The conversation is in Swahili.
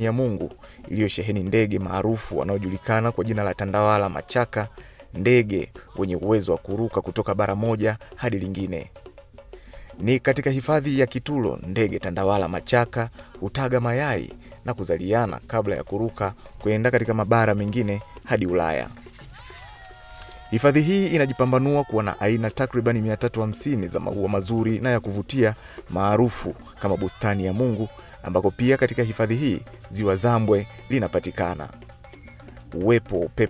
ya Mungu iliyosheheni ndege maarufu wanaojulikana kwa jina la tandawala machaka, ndege wenye uwezo wa kuruka kutoka bara moja hadi lingine. Ni katika hifadhi ya Kitulo ndege tandawala machaka hutaga mayai na kuzaliana kabla ya kuruka kuenda katika mabara mengine hadi Ulaya. Hifadhi hii inajipambanua kuwa na aina takribani 350 za maua mazuri na ya kuvutia maarufu kama bustani ya Mungu ambako pia katika hifadhi hii ziwa Zambwe linapatikana. Uwepo pepo